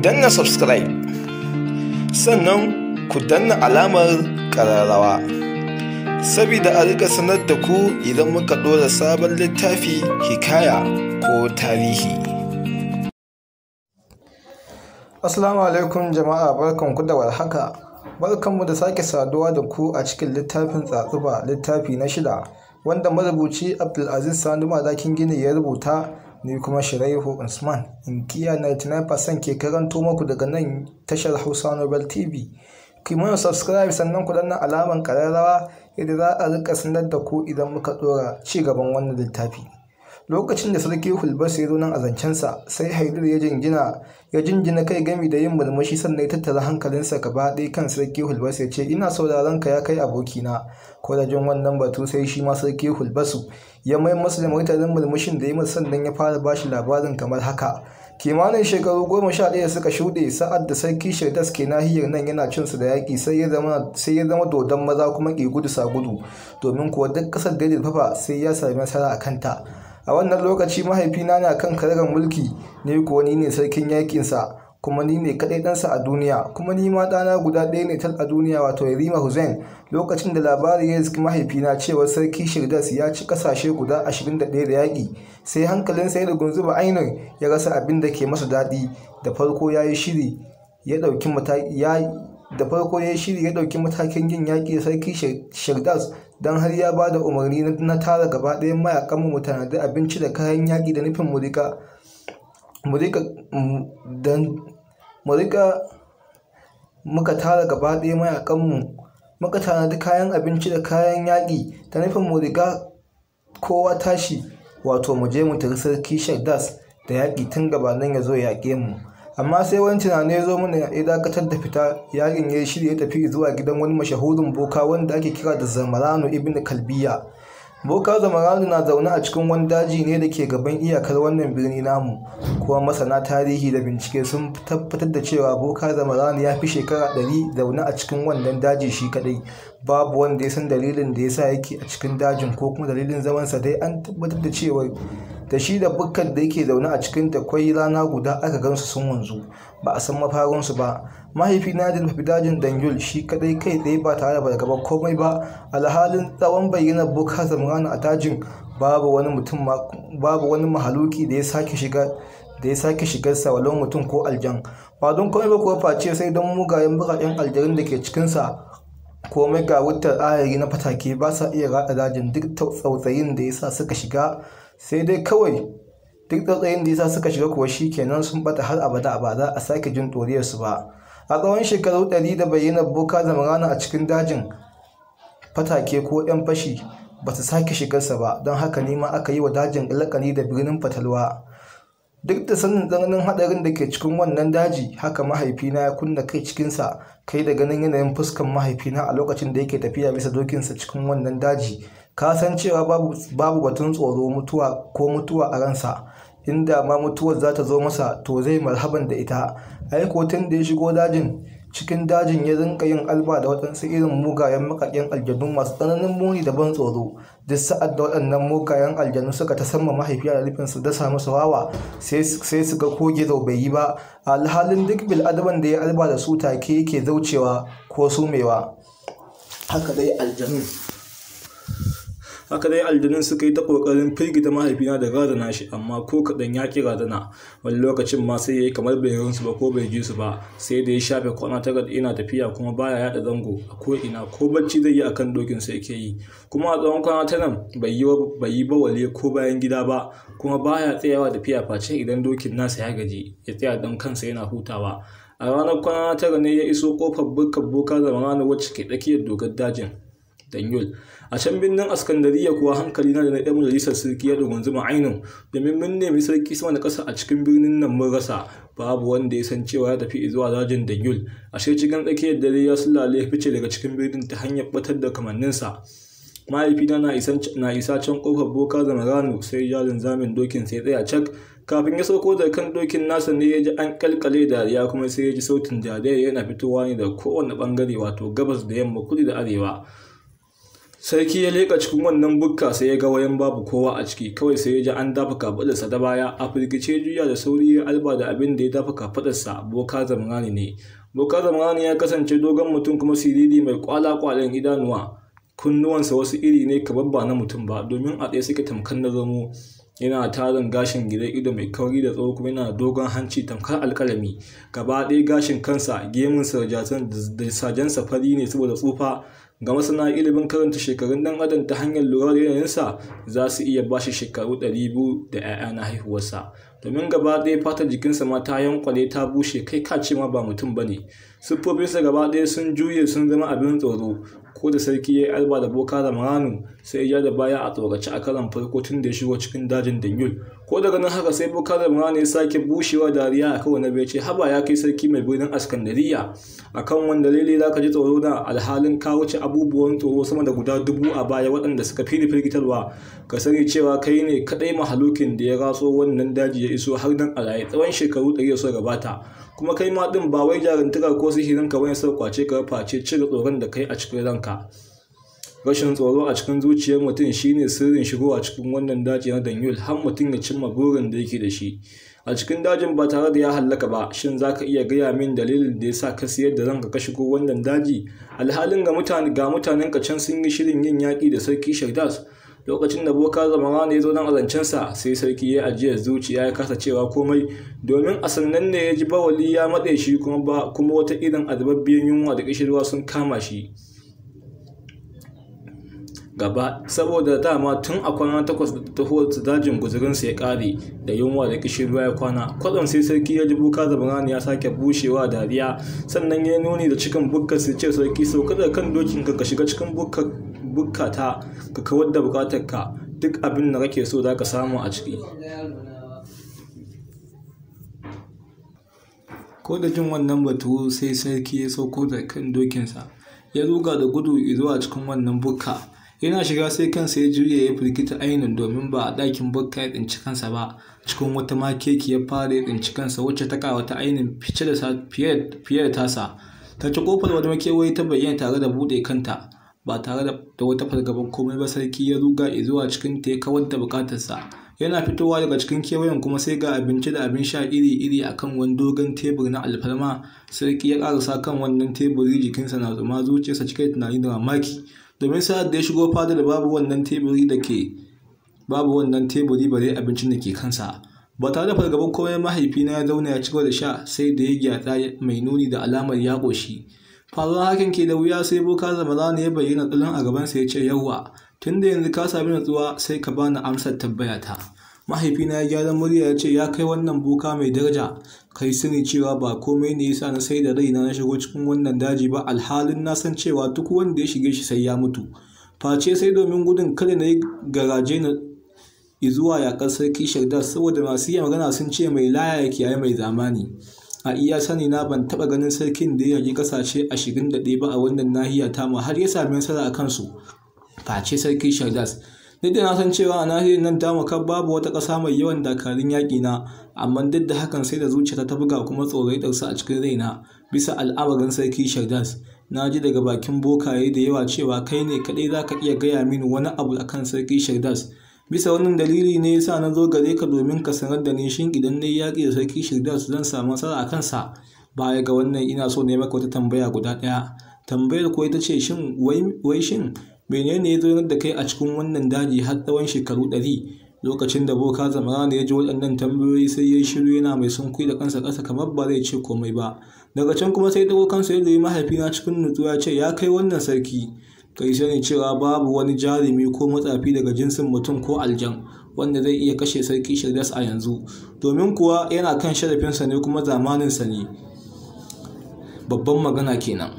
danna subscribe sannan ku danna alamar kararrawa saboda a rika sanar da ku idan muka ɗora sabon littafi hikaya ko tarihi Assalamu alaikum jama'a barkanku da warhaka barkanmu da sake saduwa da ku a cikin littafin tsatsuba littafi na shida wanda marubuci abdulaziz sani madakin gini ya rubuta ni kuma Shiraihu Usman inkiya 99% ke karanto maku daga nan tashar Hausa Nobel TV. ki mana subscribe sannan ku danna alaman kararrawa idan za a rika sanar da ku idan muka dora ci gaban wannan littafi. Lokacin da sarki hulbasu ya zo nan a zancensa sai haidir ya jingina ya jinjina kai gami da yin murmushi sannan ya tattara hankalinsa gaba ɗaya kan sarki hulbasu ya ce ina sauraron ka ya kai abokina ko da jin wannan batu sai shi ma sarki Hulbasu ya mai masa da martanin murmushin da ya masa sannan ya fara bashi labarin kamar haka kimanin shekaru goma sha ɗaya suka shuɗe sa'ad da sarki shirtas ke nahiyar nan yana cin su da yaƙi sai ya zama dodon maza kuma ke gudu sa gudu domin kuwa duk ƙasar da ya fafa sai ya sami nasara a kanta a wannan lokaci mahaifina na kan karagar mulki ne kuwa ni ne sarkin yaƙinsa kuma ni ne kaɗai ɗansa a duniya kuma ni ma ɗana guda ɗaya ne tal a duniya wato yarima hussein lokacin da labarin ya ziki mahaifina cewa sarki shirdas ya ci ƙasashe guda 21 da yaƙi sai hankalin ya da ba ainihin ya rasa abin da ke masa daɗi da farko ya yi shiri ya ɗauki da farko ya yi shiri ya ɗauki matakin yin yaƙi da sarki shirdas don har ya ba da umarni na tara gaba ɗayan mayakan mu da abinci da kayan yaƙi da nufin mu mu rika mu rika muka tara gaba ɗaya mayaƙanmu muka tanadi kayan abinci da kayan yaƙi ta nufin mu riga kowa tashi wato mu je mu tafi sarki Shaddas da yaƙi tun gabanin ya zo ya yaƙe mu amma sai wani tunani ya zo mana ya dakatar da fita yaƙin ya shirya ya tafi zuwa gidan wani mashahurin boka wanda ake kira da zamarano ibn kalbiya boka Zamarani na zaune a cikin wani daji ne da ke gaban iyakar wannan birni namu, kuma masana tarihi da bincike sun tabbatar da cewa boka Zamarani ya fi shekara ɗari zaune a cikin wannan daji shi kaɗai. Babu wanda ya san dalilin da ya sa yake a cikin dajin ko kuma dalilin zamansa dai an tabbatar da cewa da shi da bukkar da yake zaune a cikin ta kwai rana guda aka gansu sun wanzu ba a san mafarinsu ba mahaifi na da mafi dajin dangul shi kadai kai tsaye ba tare da gaba komai ba alhalin tsawon bayyana bukka zamrana a tajin babu wani mahaluki da ya sake shiga da ya sake shigar walon mutum ko aljan ba don komai ba kuwa face sai don mugayen bukaken aljarin da ke cikinsa komai ga wutar ayari na fatake ba sa iya rada dajin duk tsautsayin da ya sa suka shiga sai dai kawai duk tsatsayin da yasa suka shiga kuwa shi kenan sun bata har abada ba za a sake jin su ba a tsawon shekaru ɗari da bayyana boka zamrana a cikin dajin fatake ko 'yan fashi ba su sake shigarsa ba don haka nima aka yi wa dajin lakani da birnin fatalwa duk da sanin tsananin haɗarin da ke cikin wannan daji haka mahaifina ya kunna kai cikinsa kai da ganin yanayin fuskan mahaifina a lokacin da yake tafiya bisa dokinsa cikin wannan daji ka san cewa babu batun tsoro mutuwa ko mutuwa a ransa inda ma mutuwar za ta zo masa to zai marhaban da ita ai tun da ya shigo dajin cikin dajin ya rinka yin alba da waɗansu irin mugayen makaƙin aljanu masu tsananin muni da ban tsoro duk sa'ad da waɗannan mugayen aljanu suka ta sama mahaifiya da rufin su dasa masa wawa sai su ga ko gizo bai yi ba alhalin duk bil'adaban da ya alba da su take yake zaucewa ko sumewa haka dai aljanu haka dai aljanun suka yi ta kokarin firgita mahaifina da razana shi amma ko kaɗan ya ƙi razana wani lokacin ma sai ya yi kamar bai ransu ba ko bai ji su ba sai da ya shafe kwana ta tara ina tafiya kuma baya yaɗa zango a ko ina ko bacci zai yi akan dokin sa yake yi kuma a tsawon kwana ta nan bai yi ba wale ko bayan gida ba kuma baya tsayawa tafiya face idan dokin nasa ya gaji ya tsaya don kansa yana hutawa a ranar kwana ta ne ya iso kofar bukar boka zama ranar wacce ke tsakiyar dogar dajin danyul a can birnin askandariya kuwa hankali na da na ɗan majalisar sarki ya zuma ainihin domin mun nemi sarki sama da ƙasa a cikin birnin nan mun rasa babu wanda ya san cewa ya tafi zuwa dajin danyul ashe cikin tsakiyar dare ya sulale ya fice daga cikin birnin ta hanyar batar da kamanninsa mahaifina na isa can kofar boka zamarano sai jalin zamin dokin sai tsaya cak kafin ya sauko da kan dokin nasa ne ya ji an kalkale dariya kuma sai ya ji sautin jariya yana fitowa ne da kowane bangare wato gabas da yamma kudu da arewa sarki ya leƙa cikin wannan bukka sai ya ga wayan babu kowa a ciki kawai sai ya ji an dafa kafaɗarsa ta baya a firgice juya da sauri ya alba da abin da ya dafa kafaɗarsa boka zamrani ne boka zamrani ya kasance dogon mutum kuma siriri mai kwala-kwalen idanuwa kunnuwansa wasu iri ne kamar ba na mutum ba domin a ɗaya suke tamkar na zamo yana tarin gashin gida ido mai kauri da tsawo kuma yana dogon hanci tamkar alkalami gaba ɗaya gashin kansa gemun sajansa fari ne saboda tsufa ga masana ilimin karanta shekarun dan adam ta hanyar lura da yanayinsa za su iya ba shi shekaru 200 da 'ya'ya na haihuwarsa domin gaba ɗaya fatar jikinsa ma ta yankwale ta bushe kai ka ce ma ba mutum ba ne siffofinsa gaba ɗaya sun juye sun zama abin tsoro ko da sarki ya yi alba da boka da maranu sai ya da baya a tsorace a karan farko tun da ya shigo cikin dajin danyul ko daga nan haka sai boka da maranu ya sake bushewa dariya a kawai na bai ce haba ya kai sarki mai birnin askandariya a kan wanda lele za ka ji tsoro na alhalin ka wuce abubuwan tsoro sama da guda dubu a baya waɗanda suka fi firgitarwa ka sani cewa kai ne kaɗai mahalukin da ya ratso wannan daji iso har nan a raye tsawon shekaru ɗari su gabata kuma kai ma ɗin ba wai jarantaka ko sihirin ka bane sau kwace ka face cire tsoron da kai a cikin ranka rashin tsoro a cikin zuciyar mutum shine sirrin shigo a cikin wannan daji na danyul har mutum ya cimma burin da yake da shi a cikin dajin ba tare da ya hallaka ba shin za ka iya gaya min dalilin da ya sa ka siyar da ranka ka shigo wannan daji alhalin ga mutanen ka can sun yi shirin yin yaƙi da sarki shaidas lokacin da boka zamana ya zo nan azancensa sai sarki ya ajiye zuciya ya kasa cewa komai domin a sannan ne ya ji bawali ya matse shi kuma wata irin azababbiyar yunwa da kishirwa sun kama shi gaba saboda dama tun a kwana takwas da taho su dajin guzurinsa ya kare da yunwa da kishirwa ya kwana kwaɗon sai sarki ya ji buka da ya sake bushewa dariya sannan ya nuni da cikin bukkar sai ce sarki sauka da kan dokin ka shiga cikin bukkar bukata ka kawar da ka duk abin da kake so za ka samu a ciki ko da jin wannan batu sai sarki ya sauko da kan dokinsa ya ruga da gudu ya zuwa cikin wannan bukka yana shiga sai kansa ya juya ya firgita ainihin domin ba a ɗakin bukka ya tsinci kansa ba cikin wata makeki ya fara ya tsinci kansa wacce ta wata ainihin fiye da tasa ta ci kofar wani makewayi ta bayyana tare da buɗe kanta ba tare da wata fargabar komai ba sarki ya ruga zuwa cikin ta ya kawar da bukatarsa yana fitowa daga cikin kewayen kuma sai ga abinci da abin sha iri-iri akan kan wani dogon tebur na alfarma sarki ya karasa kan wannan teburi jikinsa na zuma zuciyarsa cikin tunani da mamaki domin sa'ad da ya shigo fada da babu wannan teburi da ke babu wannan teburi bare abincin da ke kansa ba tare da fargabar komai mahaifina ya zauna ya ci da sha sai da ya gyatsa mai nuni da alamar ya ƙoshi faruwar hakan ke da wuya sai boka zama zamana ya bayyana tsulun a gabansa ya ce yawwa tun da yanzu ka sami natsuwa sai ka bani amsar ta. mahaifina ya gyara murya ya ce ya kai wannan boka mai daraja kai sani cewa ba komai ne yasa na sai da raina na shigo cikin wannan daji ba alhalin na san cewa duk wanda ya shige shi sai ya mutu face sai domin gudun kada na yi garaje na zuwa yakar sarki shaidar saboda masu iya magana sun ce mai laya ya kiyaye mai zamani a iya sani na ban taba ganin sarkin da ya kasashe ƙasashe ashirin da ɗaya ba a wannan nahiya mu har ya sami nasara a kansu face sarki shardas duk da na san cewa a nahiyar nan tamu kan babu wata ƙasa mai yawan dakarun yaƙi na amma duk da hakan sai da zuciyata ta buga kuma ya a cikin raina bisa al'amarin sarki shardas na ji daga bakin bokaye da yawa cewa kai ne kaɗai za ka iya gaya mini wani abu akan sarki shardas Bisa wannan dalili ne ya sa na zo gare ka domin ka sanar da ni shin idan na yi yaƙi da sarki su zan samu nasara a kansa. Baya ga wannan ina so ne maka wata tambaya guda ɗaya. Tambayar ko ita ce shin wai shin menene ya zo da kai a cikin wannan daji har tsawon shekaru ɗari? Lokacin da boka ne ya ji waɗannan tambayoyi sai ya shiru yana mai sunkui da kansa ƙasa kamar ba zai ce komai ba. Daga can kuma sai ɗago kansa ya dubi mahaifina cikin nutsuwa ya ce ya kai wannan sarki. kai sani cewa babu wani jarumi ko matsafi daga jinsin mutum ko aljan wanda zai iya kashe sarki shirdas a yanzu domin kuwa yana kan sharafinsa ne kuma zamaninsa ne babban magana kenan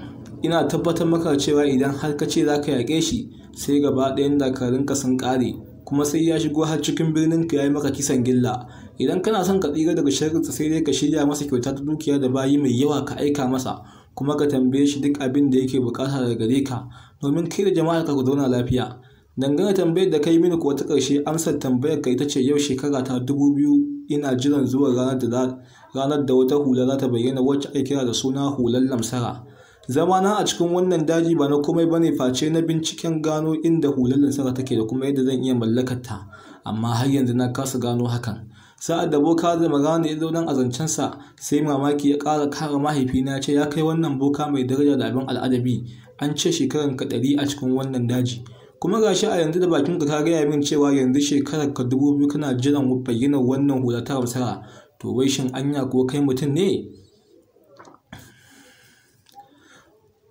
ina tabbatar maka cewa idan har ka ce za ka yaƙe shi sai gaba ɗayan ka sun ƙare kuma sai ya shigo har cikin birnin ka ya yi maka kisan gilla idan kana son ka tsira daga sharrinsa sai dai ka shirya masa kyauta ta dukiya da bayi mai yawa ka aika masa kuma ka tambaye shi duk abin da yake bukata daga gare ka domin kai da jama'arka ka zauna lafiya. Dangane tambayar da ka yi mini kuwa ta ƙarshe amsar ka ita ce yau shekara ta dubu biyu ina jiran zuwa ranar da ranar da wata hula za ta bayyana wacce ake kira da suna hular lamsara. na a cikin wannan daji ba na komai bane face na binciken gano inda hular lamsara take da kuma yadda zan iya mallakar ta amma har yanzu na kasa gano hakan. sa'ad da boka zama rana ya zo nan a zancensa sai mamaki ya ƙara kara mahaifina ce ya kai wannan boka mai daraja da abin al'adabi an ce ka ɗari a cikin wannan daji kuma ga shi a yanzu da bakin ka gaya min cewa yanzu shekarar dubu biyu kana jiran bayyana wannan hula ta hausara to wai shin anya ko kai mutum ne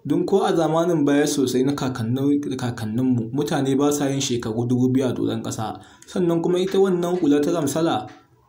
don ko a zamanin baya sosai na kakanninmu mutane ba sa yin shekaru dubu biyu a doron ƙasa sannan kuma ita wannan hula ta ramsala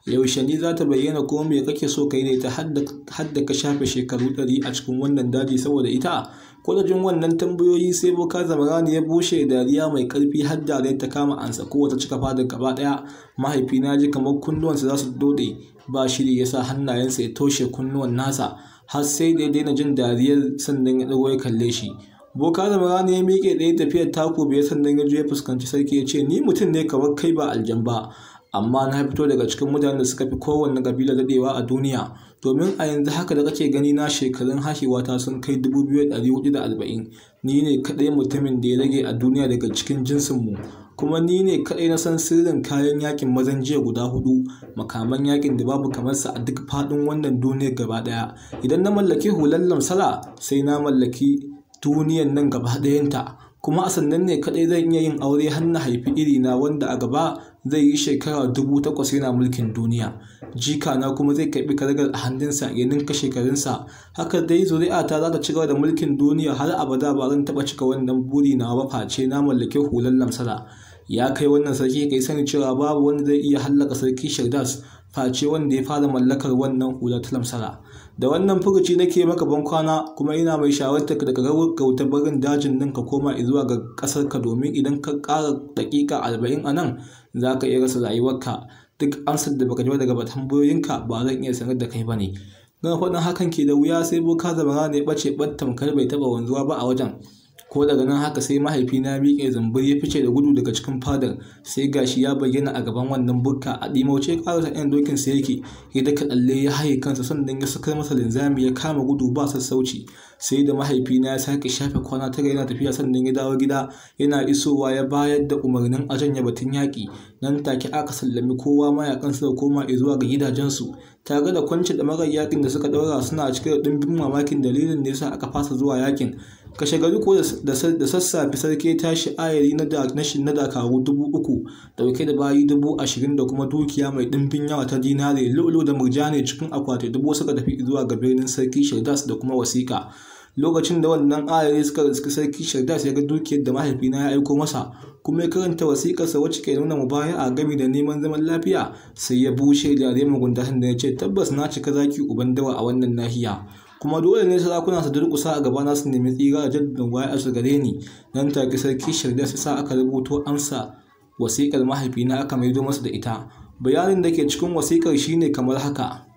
yaushe ne za ta bayyana ko me kake so kai ne ta hadda ka shafe shekaru ɗari a cikin wannan daji saboda ita Kwadajin wannan tambayoyi sai Boka zamarani ya bushe dariya mai karfi har da ta kama ansa ko ta cika fadar gaba ɗaya. Mahaifina ji kamar kunnuwansa za su dode ba shiri ya sa hannayensa ya toshe kunnuwan nasa har sai da ya daina jin dariyar sannan ya ɗago kalle shi. Boka zamarani ya miƙe ɗaya tafiyar taku biyar sannan ya je ya fuskanci sarki ya ce ni mutum ne kamar kai ba aljan ba. amma na fito daga cikin mutanen da suka fi kowanne kabila daɗewa a duniya domin a yanzu haka da kake gani na shekarun hashewata sun kai 2440 ni ne kaɗai mutumin da ya rage a duniya daga cikin jinsinmu kuma ni ne kaɗai na san sirrin kayan yakin mazan jiya guda hudu makaman yakin da babu kamar sa a duk faɗin wannan duniyar gaba ɗaya idan na mallaki hular lamsala sai na mallaki duniyar nan gaba ɗayanta kuma a sannan ne kaɗai zan iya yin aure har na haifi irina wanda a gaba zai yi shekara dubu takwas yana mulkin duniya jika na kuma zai karɓi karagar a hannunsa ya ninka shekarunsa haka dai zuri'ata za ta ci gaba da mulkin duniya har abada ba zan taɓa cika wannan buri na ba face na mallake hular lamsara ya kai wannan sarki kai sani cewa babu wanda zai iya hallaka sarki shardas face wanda ya fara mallakar wannan hular ta lamsara da wannan furuci nake maka bankwana kuma ina mai shawartar ka daga gauta barin dajin nan ka koma zuwa ga kasar ka domin idan ka kara dakika arba'in a nan za ka iya rasa rayuwarka duk amsar da baka ji daga tambayoyinka ba zan iya sanar da kai ba ne gama faɗin hakan ke da wuya sai boka zabara ne ɓace ɓat tamkar bai taɓa wanzuwa ba a wajen ko daga nan haka sai mahaifina miƙe zambur ya fice da gudu daga cikin fadar sai gashi ya bayyana a gaban wannan burka. a ɗimauce ƙarasa ɗan dokin sa yake ya daka ɗalle ya haye kansa sannan ya sakar masa linzami ya kama gudu ba sassauci sai da mahaifina ya sake shafe kwana tara yana tafiya sannan ya dawo gida yana isowa ya bayar da umarnin a janye batun yaƙi nan take aka sallami kowa mayakan suka koma zuwa ga gidajensu tare da kwance da marar yakin da suka ɗaura suna cike da ɗimbin mamakin dalilin da yasa aka fasa zuwa yakin kashe gari ko da sassafe sarki ya tashi ayari na na dakaru dubu uku dauke da bayi dubu ashirin da kuma dukiya mai ɗimbin yawa ta dinare lulu da murjani cikin akwati dubu suka tafi zuwa ga birnin sarki shaidas da kuma wasiƙa lokacin da wannan ayoyi suka riski sarki Shardas ya ga dukiyar da mahaifina ya aiko masa kuma ya karanta wasiƙarsa wacce ke nuna a gami da neman zaman lafiya sai ya bushe da yare mugunta da ya ce tabbas na cika zaki uban dawa a wannan nahiya kuma dole ne sarakuna su durƙusa a gabana su nemi tsira a jaddadin waya su gare ni nan take sarki ya sa aka rubuto amsa wasiƙar mahaifina aka maido masa da ita bayanin da ke cikin wasiƙar shine kamar haka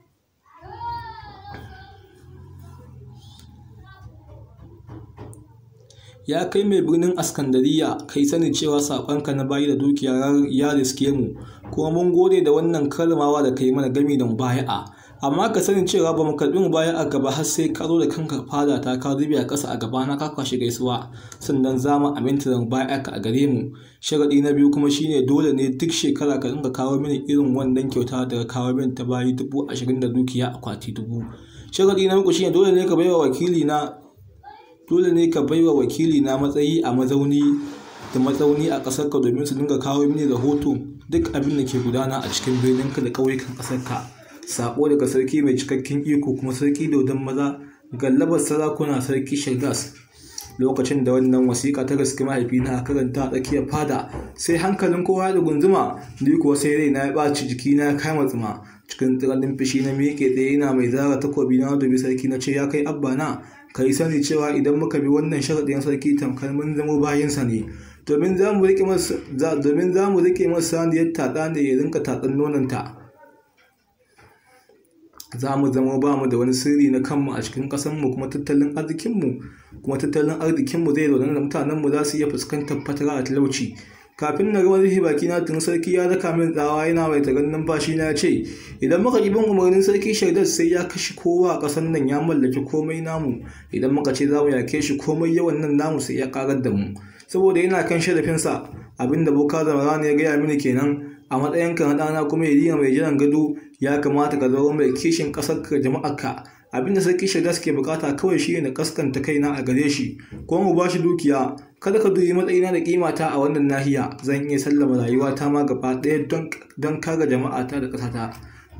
Ya kai mai birnin Askandariya, kai sani cewa saƙonka na bayi da dukiya ya riske mu, kuma mun gode da wannan kalmawa da kai mana gami da baya'a. Amma ka sani cewa ba mu karɓi baya'a gaba har sai ka zo da kanka fada ta ka zubi a ƙasa a gaba na ka shi gaisuwa, sannan za mu aminta da ka a gare mu. Sharaɗi na biyu kuma shine dole ne duk shekara ka dinga kawo mini irin wannan kyauta daga kawo min ta bayi dubu ashirin da dukiya akwati dubu. Sharaɗi na uku shine dole ne ka baiwa wakili na dole ne ka baiwa wakili na matsayi a mazauni da matsauni a ƙasarka domin su dinga kawo mini rahoto duk abin da ke gudana a cikin birnin ka da ƙauyukan ƙasarka sako daga sarki mai cikakken iko kuma sarki daudan maza gallabar sarakuna sarki shagas lokacin da wannan wasiƙa ta gaske mahaifina a karanta a tsakiyar fada sai hankalin kowa da gunzuma ni kuwa sai na ya ɓaci jikina ya kama tsuma cikin tsananin fushi na miƙe tsaye yana mai zara takobi na domin sarki na ce ya kai abba na Ka yi sani cewa idan muka bi wannan sharaɗin sarki tamkar mun zamo bayansa ne domin za mu rike masa saniyar taɗa ne ya rinka taɗan nonanta za mu zama ba mu da wani sirri na kanmu a cikin ƙasarmu kuma tattalin arzikinmu kuma tattalin arzikinmu zai zaune da mutanenmu za su iya fuskantar fatara a talauci kafin na ga wani rufe bakina tun sarki ya daka min tsawa yana mai tagan numfashi na ce idan muka ki bin umarnin sarki shaidar sai ya kashe kowa a ƙasar nan ya mallaki komai namu idan muka ce za mu yake shi komai yawan nan namu sai ya karar da mu saboda yana kan sharafinsa abinda boka rana ya gaya mini kenan a matsayinka na ɗana kuma yadina mai jiran gado ya kamata ka zama mai kishin ka jama'arka abinda sarki Shardas suke bukata kawai shi na kaskanta kaina a gare shi ko mu bashi dukiya kada ka dubi matsayina da kimata a wannan nahiya zan iya sallama rayuwa ta ma gaba ɗaya don jama'a ta da ƙasata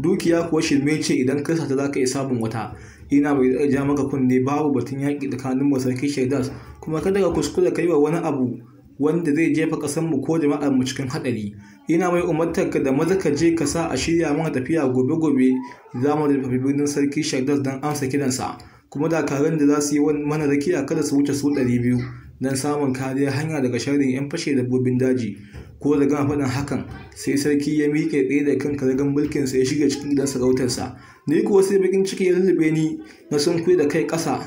dukiya kuwa shirme ce idan ka ta za ka iya samun wata ina bai ja maka kunne babu batun yaƙi tsakanin mu sarki shaidas kuma kada ka kuskura kai wa wani abu wanda zai jefa ƙasar mu ko jama'ar mu cikin haɗari ina mai umartar ka da maza ka je ka sa a shirya mana tafiya gobe gobe za mu rufe birnin sarki shaidas don amsa kiransa kuma dakarun da za su yi mana rakiya kada su wuce su ɗari biyu don samun kariyar hanya daga sharrin 'yan fashe dabbobin daji ko da gama faɗin hakan sai sarki ya miƙe tsaye da kan mulkin sa ya shiga cikin gidan sarautarsa ni kuwa sai bakin ciki ya lullube ni na sunkuyi da kai ƙasa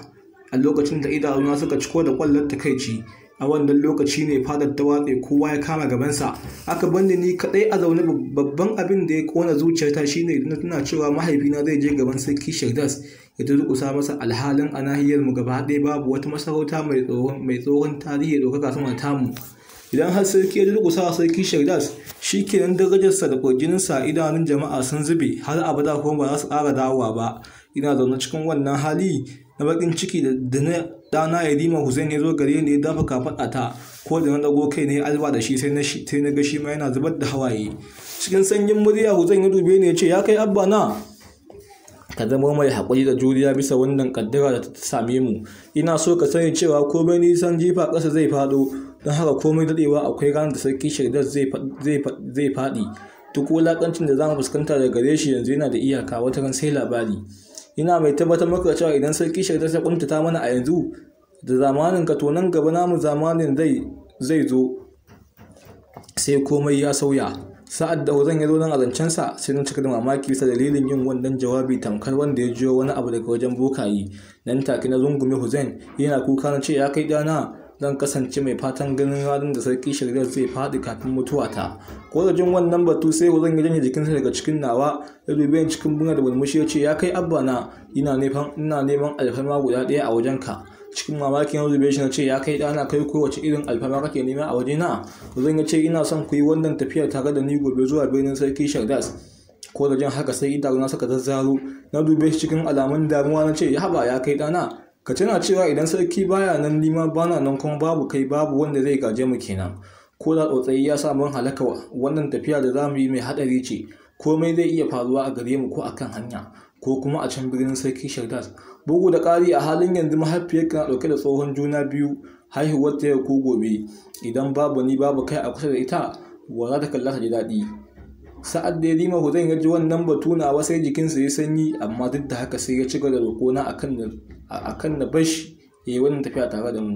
a lokacin da idanuna suka ciko da ƙwallon takaici a wannan lokaci ne fadar ta watse kowa ya kama gabansa aka banne ni kadai a zaune babban abin da ya kona zuciyarta shine na tana cewa mahaifina zai je gaban sarki shagdas ya durƙusa masa alhalin a nahiyar mu gaba ɗaya babu wata masarauta mai tsohon mai tsohon tarihi ɗaukaka sama tamu idan har sarki ya durƙusa wa sarki shagdas shi kenan darajarsa da kwarjininsa idanun jama'a sun zube har abada kuma ba za su ƙara dawowa ba ina zaune cikin wannan hali na bakin ciki da na ya dima Hussein ya zo gare ni ya dafa kafaɗa ta ko da na dago kai ne alba da shi sai na shi sai na ga shi ma yana zubar da hawaye cikin sanyin murya Hussein ya dube ne ya ce ya kai abba na ka zama mai haƙuri da juriya bisa wannan kaddara da ta same mu ina so ka sani cewa komai nisan jifa ƙasa zai faɗo don haka komai daɗewa akwai ranar da sarki shaidar zai faɗi duk wulaƙancin da za mu fuskanta daga gare shi yanzu yana da iyaka wata ran sai labari ina mai tabbatar maka cewa idan sarki shaidar ta kuntata mana a yanzu da zamanin ka to nan gaba namu zamanin zai zai zo sai komai ya sauya sa'ad da wazan ya zo nan a sa sai na cika da mamaki bisa dalilin yin wannan jawabi tamkar wanda ya jiyo wani abu daga wajen bokayi nan take na zungume hussein yana kuka na ce ya kai dana zan kasance mai fatan ganin ranar da sarki shirya zai faɗi kafin mutuwa ta. jin wannan batu sai zan yi janye jikinsa daga cikin nawa ya dube cikin buna da bulmushi ya ce ya kai abba na ina neman alfarma guda ɗaya a wajen ka. cikin mamakin yanzu bai na ce ya kai ɗana kai kowace irin alfarma kake nema a wajena zan ya ce ina son ku yi wannan tafiyar tare da ni gobe zuwa birnin sarki shardas ko da jan haka sai idanu na saka zazzaro na dube shi cikin alamun damuwa na ce ya haba ya kai ɗana ka tana cewa idan sarki baya nan nima bana nan kuma babu kai babu wanda zai gaje mu kenan ko da tsotsayi ya sa mun halaka wannan tafiya da zamu yi mai hadari ce komai zai iya faruwa a gare mu ko a kan hanya ko kuma a can birnin sarki Shardas bugu da ƙari a halin yanzu mahaifiyarka na ɗauke da tsohon juna biyu haihuwar ta ko gobe idan babu ni babu kai a kusa da ita wa za ta kalla ta ji daɗi sa'ad da ya dima Hussein ya ji wannan batu na sai jikinsa ya sanyi amma duk da haka sai ya ci gaba da roƙona akan na bashi ya yi wannan tafiya tare da mu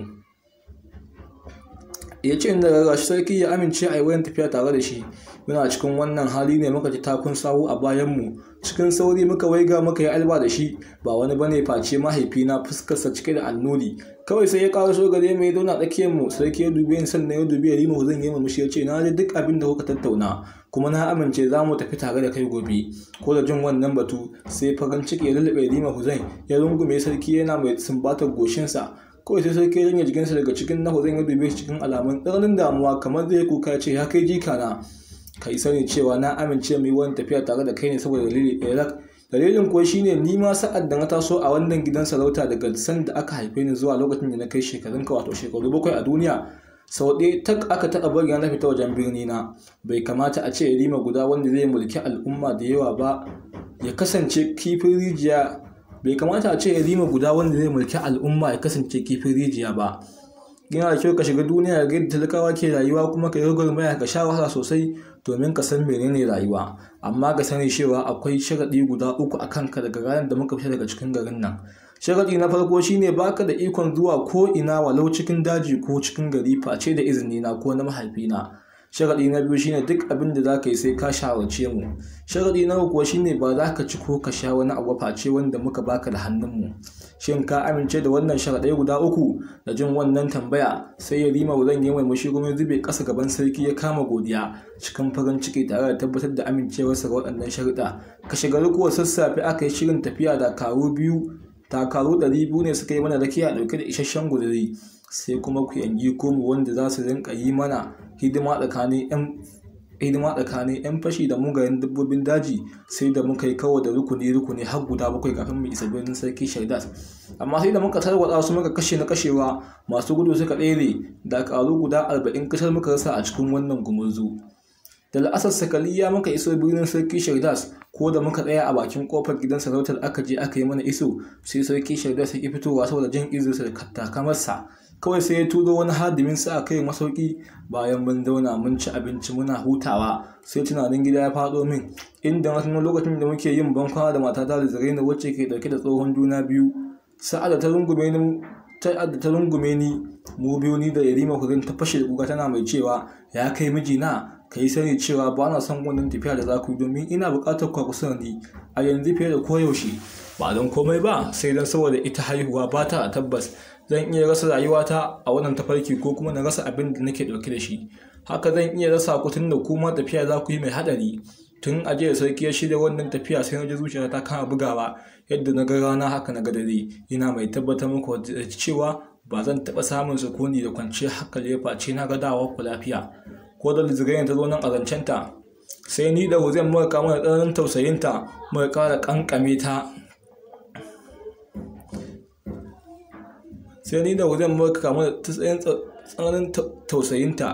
ya ce inda daga shi sarki ya amince a yi wannan tafiya tare da shi muna cikin wannan hali ne muka ji takun sawu a bayanmu cikin sauri muka waiga muka yi alba da shi ba wani bane face mahaifina fuskarsa cike da annuri kawai sai ya so gare mu ya tsakiyar mu sai ke dube yin sannan ya dube Halima zan yi murmushi ya ce na ji duk abin da kuka tattauna kuma na amince za mu tafi tare da kai gobe ko da jin wannan batu sai farin ciki ya lullube rima huzun, ya rungume sarki yana mai sumbatar goshinsa kawai sai sarki ya jikinsa daga cikin na zan ya dube cikin alamun tsananin damuwa kamar zai kuka ya ce ya kai na?" ka yi sani cewa na amince mu yi wani tafiya tare da kai ne saboda dalili ɗaya dalilin shi shine ni ma sa'ad da na taso a wannan gidan sarauta daga san da aka haife ni zuwa lokacin da na kai shekarun ka wato shekaru bakwai a duniya sau ɗaya tak aka taɓa bari na fita wajen birni na bai kamata a ce rima guda wanda zai mulki al'umma da yawa ba ya kasance kifin rijiya bai kamata a ce rima guda wanda zai mulki al'umma ya kasance kifin rijiya ba yana da kyau ka shiga duniya ga yadda talakawa ke rayuwa kuma ka yi gwagwarmaya ka sha wahala sosai domin ka san menene rayuwa amma ka sani cewa akwai sharaɗi guda uku a kanka daga ranar da muka fita daga cikin garin nan sharaɗi na farko shine baka da ikon zuwa ko ina walau cikin daji ko cikin gari face da izini na ko na mahaifina sharaɗi na biyu shine duk abin da za ka yi sai ka shawarce mu sharaɗi na uku shine ba za ka ci ko ka sha wani abu face wanda muka baka da hannun mu. shin ka amince da wannan sharaɗai guda uku da jin wannan tambaya sai ya rima zan yi mai mashi kuma zube ƙasa gaban sarki ya kama godiya cikin farin ciki tare da tabbatar da amincewarsa ga waɗannan sharuɗa ka shiga rukuwa sassafe aka yi shirin tafiya da karu biyu takaru ɗari biyu ne suka yi mana rakiya ɗauke da isasshen guduri sai kuma ku yangi mu wanda za su rinka yi mana hidima tsakanin 'yan fashi da mugayen dabbobin daji sai da muka yi kawo da rukuni-rukuni har guda bakwai kafin mu isa birnin sarki shaidat amma sai da muka tarwatsa su muka kashe na kashewa masu gudu suka tsere da karu guda arba'in kasar muka rasa a cikin wannan gumurzu da la'asar sakaliya muka iso birnin sarki shaidat ko da muka tsaya a bakin kofar gidan sarautar aka je aka yi mana iso sai sarki shaidat ya fitowa saboda jin izinsa da takamarsa kawai sai ya turo wani hadimin sa kai masauki bayan mun zauna mun ci abinci muna hutawa sai tunanin gida ya faɗo min inda na lokacin da muke yin bankwana da matata da zaraina wacce ke dauke da tsohon juna biyu sa'ada ta rungume ni ta rungume ni mu biyu ni da yarima kuzin ta fashe da kuka tana mai cewa ya kai mijina ka yi sani cewa ba na son wannan tafiya da za ku yi domin ina buƙatar ku kusa ni a yanzu fiye da koyaushe ba don komai ba sai don saboda ita haihuwa ba ta tabbas zan iya rasa rayuwata a wannan tafarki ko kuma na rasa abin da nake dauke da shi haka zan iya rasa ku tun da kuma tafiya za ku yi mai haɗari tun a da sarki ya shirya wannan tafiya sai na ji zuciya ta kama bugawa yadda na ga rana haka na ga dare yana mai tabbatar muku da cewa ba zan taɓa samun sukuni da kwanciyar hankali ya face na ga dawa ku lafiya ko da zigayen ta zo nan a sai ni da zan muka kama da tsananin tausayinta ka ƙara ƙanƙame ta sai ni da wajen maka kama ta tsananin tausayinta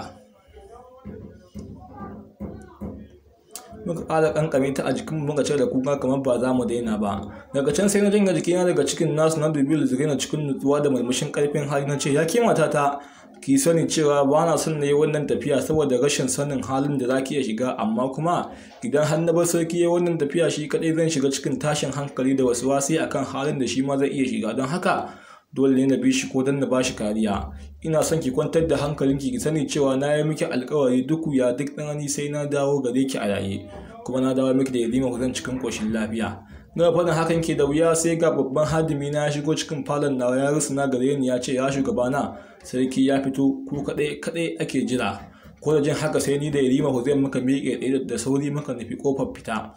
muka ƙara ƙanƙame ta a jikin muka ce da kuka kamar ba za mu daina ba daga can sai na janye yana daga cikin nasu na dubi na cikin nutsuwa da murmushin ƙarfin hali na ce ya ke ta. ki sani cewa ba na son na yi wannan tafiya saboda rashin sanin halin da za ki iya shiga amma kuma idan har na bar sarki ya wannan tafiya shi kaɗai zan shiga cikin tashin hankali da wasu wasi akan halin da shi ma zai iya shiga don haka dole ne na bi shi ko dan na bashi kariya ina son ki kwantar da hankalinki ki sani cewa na yi miki alkawari duk ya duk ɗanani sai na dawo gare ki a raye kuma na dawo miki da yadima zan cikin koshin lafiya na faɗin hakan ke da wuya sai ga babban hadimi na ya shigo cikin falon na ya rusuna gare ni ya ce ya na sarki ya fito ku kaɗai kaɗai ake jira ko da jin haka sai ni da yadima ku muka miƙe ɗaya da sauri muka nufi kofar fita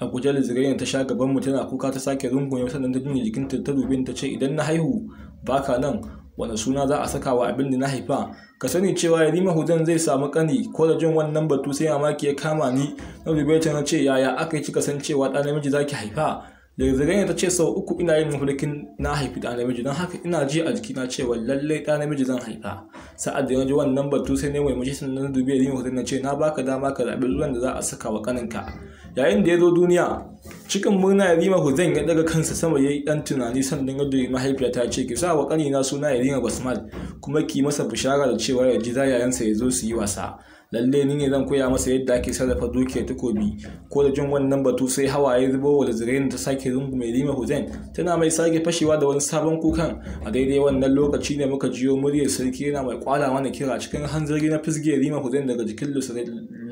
a guje lizirayen ta sha gaban mu tana kuka ta sake rungume sannan ta jinya jikinta ta dubin ta ce idan na haihu baka nan wani suna za a saka wa abin da na haifa ka sani cewa yarima hudan zai samu kani ko da jin wannan batu sai mamaki ya kama ni na dube ta na ce yaya aka yi kika san cewa ɗan namiji za ki haifa daga zagan ta ce sau uku ina yin mafarkin na haifi da namiji don haka ina ji a jiki na cewa lallai da namiji zan haifa sa'ad da ji wannan batu sai ne mai mace sun na dubi yin hoton na ce na baka dama ka zaɓi ruwan da za a saka wa kaninka yayin da ya zo duniya cikin murna ya rima huzan ya daga kansa sama ya yi ɗan tunani sannan ya dubi mahaifiya ta ce ki sa wa kanina suna ya rima basmal kuma ki masa bishara da cewa ya ji za yayansa ya zo su yi wasa lalle ni ne zan koya masa yadda ake sarrafa dukiyar takobi ko da jin wannan batu sai hawaye zubo wa da ta sake rungu mai lima hussein tana mai sake fashewa da wani sabon kukan a daidai wannan lokaci ne muka jiyo muryar sarki yana mai kwala mana kira cikin hanzari na fisge lima hussein daga jikin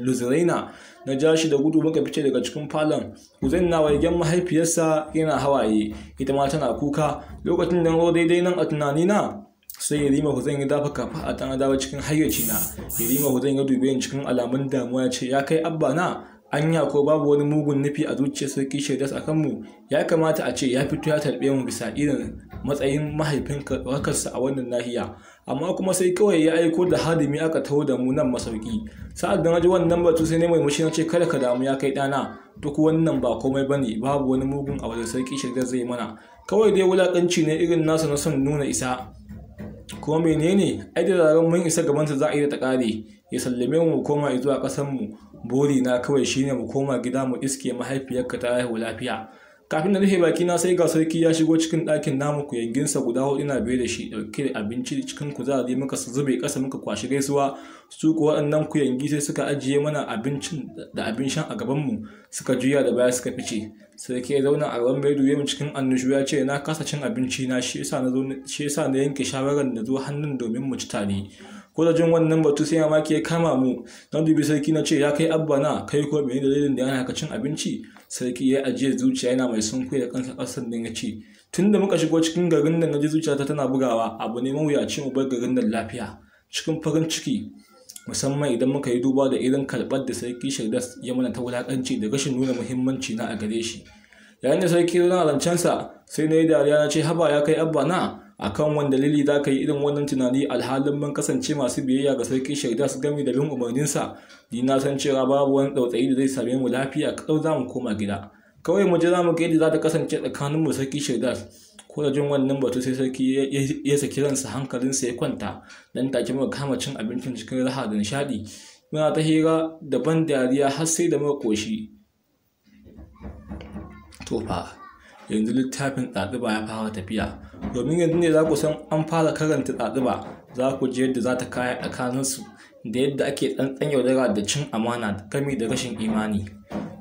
luziraina na ja shi da gudu muka fice daga cikin falon hussein na waigen mahaifiyarsa yana hawaye ita ma tana kuka lokacin da daidai nan a tunanina sai yarima zan yi dafa kafa a tana dawo cikin hayyaci na yarima zan ya dube ni cikin alamun damuwa ya ce ya kai abba na anya ko babu wani mugun nufi a zuciyar sarki shaidas a kanmu? ya kamata a ce ya fito ya tarbe mu bisa irin matsayin mahaifin karkarsa a wannan nahiya amma kuma sai kawai ya aiko da hadimi aka taho da mu nan masauki sa'ad da na ji wannan batu sai ne mai mushi na ce kada ka damu ya kai ɗana duk wannan ba komai bane babu wani mugun a da sarki shaidas zai mana kawai dai wulakanci ne irin nasa na son nuna isa ko menene ai da zarar mun isa gabanta za a yi ta ƙare ya sallame mu koma zuwa kasan mu buri na kawai shine mu koma gida mu iske mahaifiyarka ta haihu lafiya kafin da rufe baki na sai ga sarki ya shigo cikin ɗakin namu ku kuyanginsa guda hudu na biye da shi ɗauke da abinci cikin kuzari muka zube ƙasa muka kwashi gaisuwa su kuwa waɗannan kuyangi sai suka ajiye mana abincin da abin shan a mu suka juya da baya suka fice sarki ya zauna a gaban mai duye mu cikin annushu ya ce na kasa cin abinci na shi yasa na yanke shawarar da zo hannun domin mu ci tare ko da jin wannan batu sai ma ke kama mu na dubi sarki na ce ya kai abba na kai ko mai dalilin da yana cin abinci sarki ya ajiye zuciya yana mai sunku da kansa kasar din ya ce tunda muka shigo cikin garin nan naji zuciyata tana bugawa abu ne mawuyaci mu bar garin nan lafiya cikin farin ciki musamman idan muka yi duba da irin karɓar da sarki shaidas ya mana ta wulakanci da rashin nuna muhimmanci na a gare shi yayin da sarki ya zancen sa sai na yi dariya na ce haba ya kai abba na A kan wani dalili za ka yi irin wannan tunani alhalin mun kasance masu biyayya ga sarki shaida su game da bin umarninsa ni na san cewa babu wani tsautsayi da zai same mu lafiya kaɗau za mu koma gida kawai mu jira mu ga yadda za ta kasance tsakanin mu sarki shaida ko da jin wannan batu sai sarki ya saki ransa hankalinsa ya kwanta dan take muka kama cin abincin cikin raha da nishaɗi muna ta hira da ban dariya har sai da muka koshi to yanzu littafin tsatsiba ya fara tafiya domin yanzu ne za ku san an fara karanta tsatsiba za ku ji yadda za ta kaya tsakaninsu da yadda ake tsantsan yaudara da cin amana da kami da rashin imani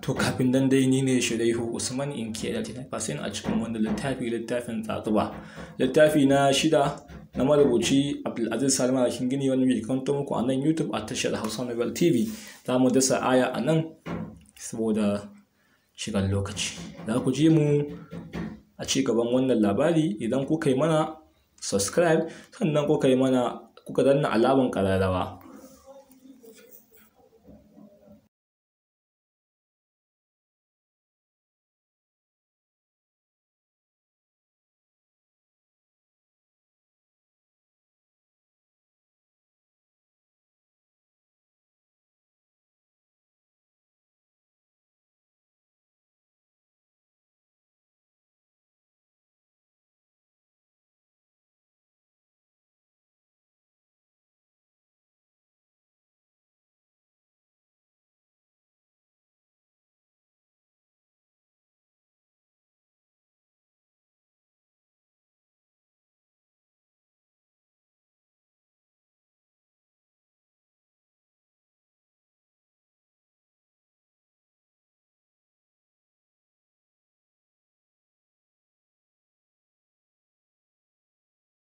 to kafin dan dai ni ne shiraihu usman in ke da tinafasin a cikin wanda littafi littafin tsatsiba littafi na shida na marubuci abdulaziz salima da gini wani mai kanto muku a nan youtube a tashar hausa novel tv za mu dasa aya a nan saboda shigan lokaci za ku ji mu a ci gaban wannan labari idan kuka yi mana subscribe sannan kuka yi mana kuka danna alaban ƙararrawa